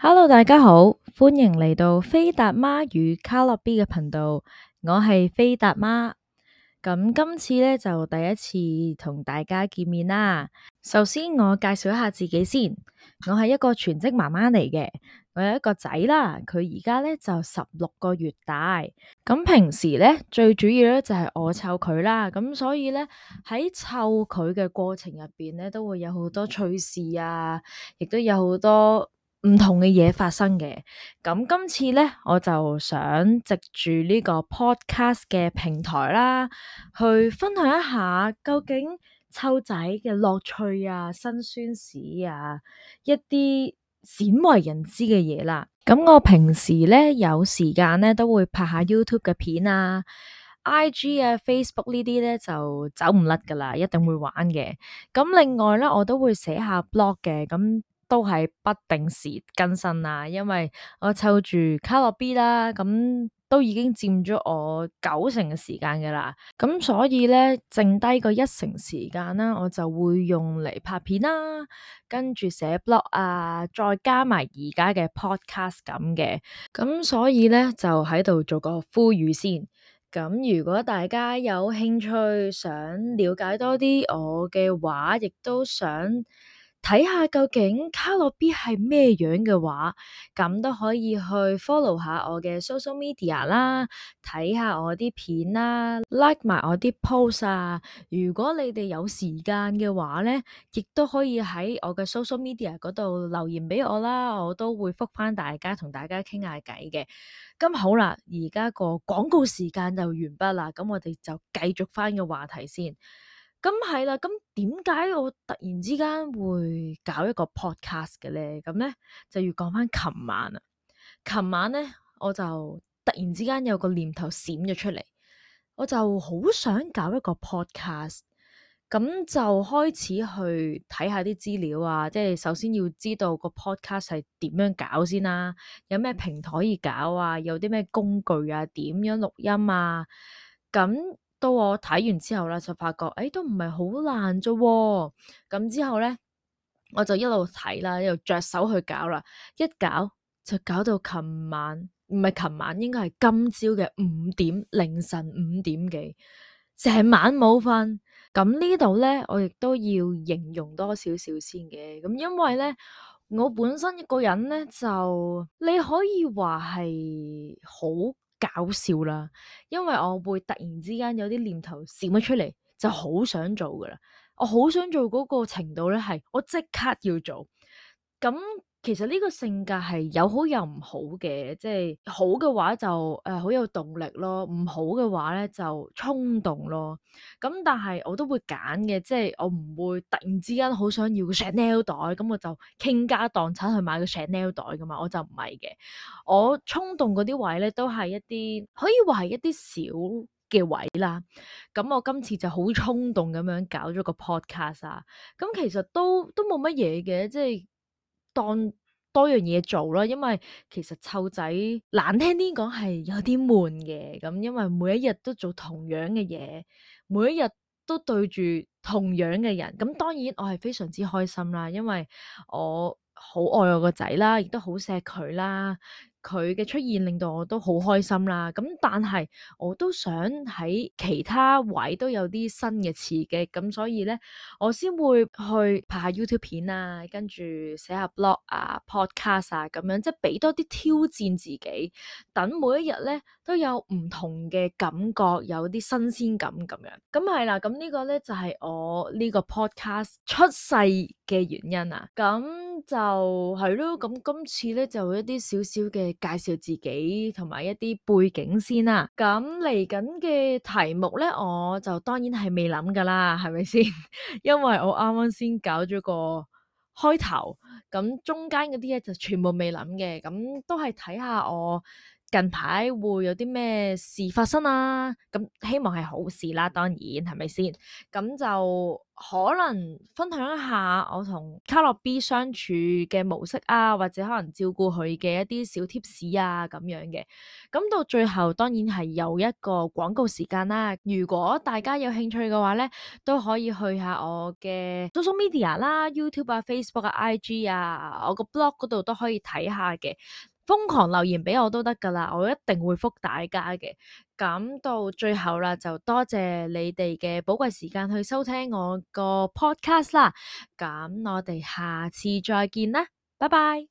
Hello，大家好，歡迎嚟到飛達媽與卡洛 B 嘅頻道，我係飛達媽，咁今次咧就第一次同大家見面啦。首先我介紹一下自己先，我係一個全職媽媽嚟嘅，我有一個仔啦，佢而家咧就十六個月大，咁平時咧最主要咧就係我湊佢啦，咁所以咧喺湊佢嘅過程入邊咧都會有好多趣事啊，亦都有好多。唔同嘅嘢發生嘅，咁今次呢，我就想藉住呢個 podcast 嘅平台啦，去分享一下究竟湊仔嘅樂趣啊、辛酸史啊，一啲鮮為人知嘅嘢啦。咁我平時呢，有時間呢，都會拍下 YouTube 嘅片啊、IG 啊、Facebook 呢啲呢，就走唔甩噶啦，一定會玩嘅。咁另外呢，我都會寫下 blog 嘅咁。都係不定時更新啦，因為我抽住卡樂 B 啦，咁都已經佔咗我九成嘅時間嘅啦，咁所以呢，剩低個一成時間啦，我就會用嚟拍片啦，跟住寫 blog 啊，再加埋而家嘅 podcast 咁嘅，咁所以呢，就喺度做個呼籲先。咁如果大家有興趣想了解多啲我嘅話，亦都想。睇下究竟卡洛 B 係咩樣嘅話，咁都可以去 follow 下我嘅 social media 啦，睇下我啲片啦，like 埋我啲 post 啊。如果你哋有時間嘅話咧，亦都可以喺我嘅 social media 嗰度留言俾我啦，我都會復翻大家，同大家傾下偈嘅。咁好啦，而家個廣告時間就完畢啦，咁我哋就繼續翻個話題先。咁係啦，咁點解我突然之間會搞一個 podcast 嘅咧？咁咧就要講翻琴晚啊，琴晚咧我就突然之間有個念頭閃咗出嚟，我就好想搞一個 podcast，咁就開始去睇下啲資料啊，即係首先要知道個 podcast 係點樣搞先啦，啊，有咩平台可以搞啊，有啲咩工具啊，點樣錄音啊，咁。到我睇完之後啦，就發覺，誒，都唔係好難啫。咁之後咧，我就一路睇啦，一路着手去搞啦。一搞就搞到琴晚，唔係琴晚，應該係今朝嘅五點凌晨五點幾，成晚冇瞓。咁呢度咧，我亦都要形容多少少先嘅。咁因為咧，我本身一個人咧，就你可以話係好。搞笑啦，因為我會突然之間有啲念頭閃咗出嚟，就好想做噶啦，我好想做嗰個程度咧，係我即刻要做。咁、嗯、其實呢個性格係有好又唔好嘅，即係好嘅話就誒、呃、好有動力咯，唔好嘅話咧就衝動咯。咁、嗯、但係我都會揀嘅，即係我唔會突然之間好想要個 Chanel 袋，咁、嗯、我就傾家蕩產去買個 Chanel 袋噶嘛，我就唔係嘅。我衝動嗰啲位咧都係一啲可以話係一啲小嘅位啦。咁、嗯、我今次就好衝動咁樣搞咗個 Podcast 啊，咁、嗯、其實都都冇乜嘢嘅，即係。當多樣嘢做咯，因為其實湊仔難聽啲講係有啲悶嘅，咁因為每一日都做同樣嘅嘢，每一日都對住同樣嘅人，咁當然我係非常之開心啦，因為我好愛我個仔啦，亦都好錫佢啦。佢嘅出現令到我都好開心啦，咁但係我都想喺其他位都有啲新嘅刺激。咁所以咧我先會去拍下 YouTube 片啊，跟住寫下 blog 啊、podcast 啊咁樣，即係俾多啲挑戰自己，等每一日咧都有唔同嘅感覺，有啲新鮮感咁樣。咁係啦，咁呢個咧就係我呢個 podcast 出世嘅原因啊。咁就係咯，咁今次咧就一啲少少嘅。介紹自己同埋一啲背景先啦、啊。咁嚟緊嘅題目咧，我就當然係未諗噶啦，係咪先？ 因為我啱啱先搞咗個開頭，咁中間嗰啲咧就全部未諗嘅。咁都係睇下我近排會有啲咩事發生啊？咁希望係好事啦，當然係咪先？咁就可能分享一下我同卡洛 B 相處嘅模式啊，或者可能照顧佢嘅一啲小 t 士啊咁樣嘅。咁到最後當然係有一個廣告時間啦。如果大家有興趣嘅話咧，都可以去下我嘅 social media 啦、YouTube 啊、Facebook 啊、IG 啊、我個 blog 嗰度都可以睇下嘅。瘋狂留言俾我都得㗎啦，我一定會覆大家嘅。咁到最後啦，就多謝你哋嘅寶貴時間去收聽我個 podcast 啦。咁我哋下次再見啦，拜拜。